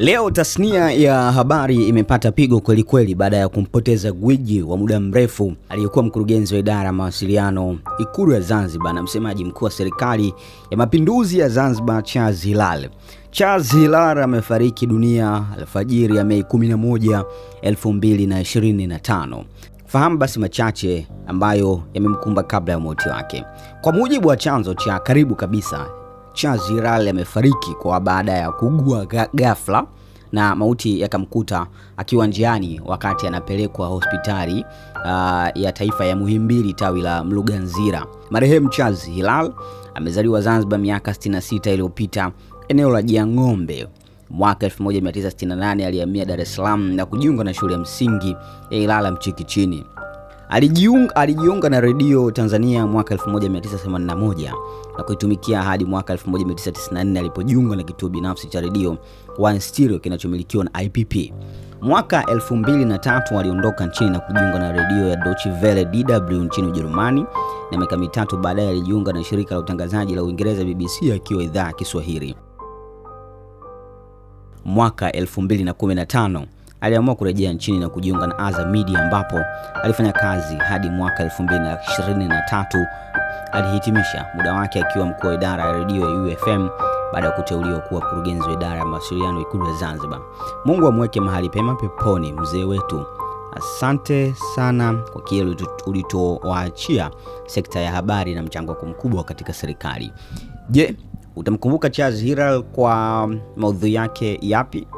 Leo tasnia ya habari imepata pigo kweli kweli baada ya kumpoteza gwiji wa muda mrefu aliyekuwa mkurugenzi wa idara ya mawasiliano Ikulu ya Zanzibar na msemaji mkuu wa serikali ya mapinduzi ya Zanzibar, Charles Hilal. Charles Hilal amefariki dunia alfajiri ya Mei 11, 2025. Fahamu basi machache ambayo yamemkumba kabla ya mauti wake. Kwa mujibu wa chanzo cha karibu kabisa Charles Riley amefariki kwa baada ya kuugua ghafla na mauti yakamkuta akiwa njiani wakati anapelekwa hospitali uh, ya taifa ya Muhimbili tawi la Mluganzira. Marehemu Charles Hilal amezaliwa Zanzibar miaka 66 iliyopita eneo la jiang'ombe Mwaka 1968 alihamia Dar es Salaam na kujiunga na shule ya msingi ya Ilala Mchikichini. Alijiunga, alijiunga na redio Tanzania mwaka 1981 na kuitumikia hadi mwaka 1994 alipojiunga na kituo binafsi cha redio One Stereo kinachomilikiwa na IPP. Mwaka 2003 aliondoka nchini na kujiunga na redio ya Deutsche Welle DW nchini Ujerumani, na miaka mitatu baadaye alijiunga na shirika la utangazaji la Uingereza BBC akiwa idhaa ya Kiswahili. Mwaka 2015 aliamua kurejea nchini na kujiunga na Azam Media ambapo alifanya kazi hadi mwaka 2023 alihitimisha muda wake akiwa mkuu wa idara ya redio ya UFM baada ya kuteuliwa kuwa mkurugenzi wa idara ya mawasiliano Ikulu ya Zanzibar. Mungu amweke mahali pema peponi mzee wetu. Asante sana kwa kile ulitowaachia sekta ya habari na mchango wako mkubwa katika serikali. Je, utamkumbuka Charles Hilary kwa maudhui yake yapi?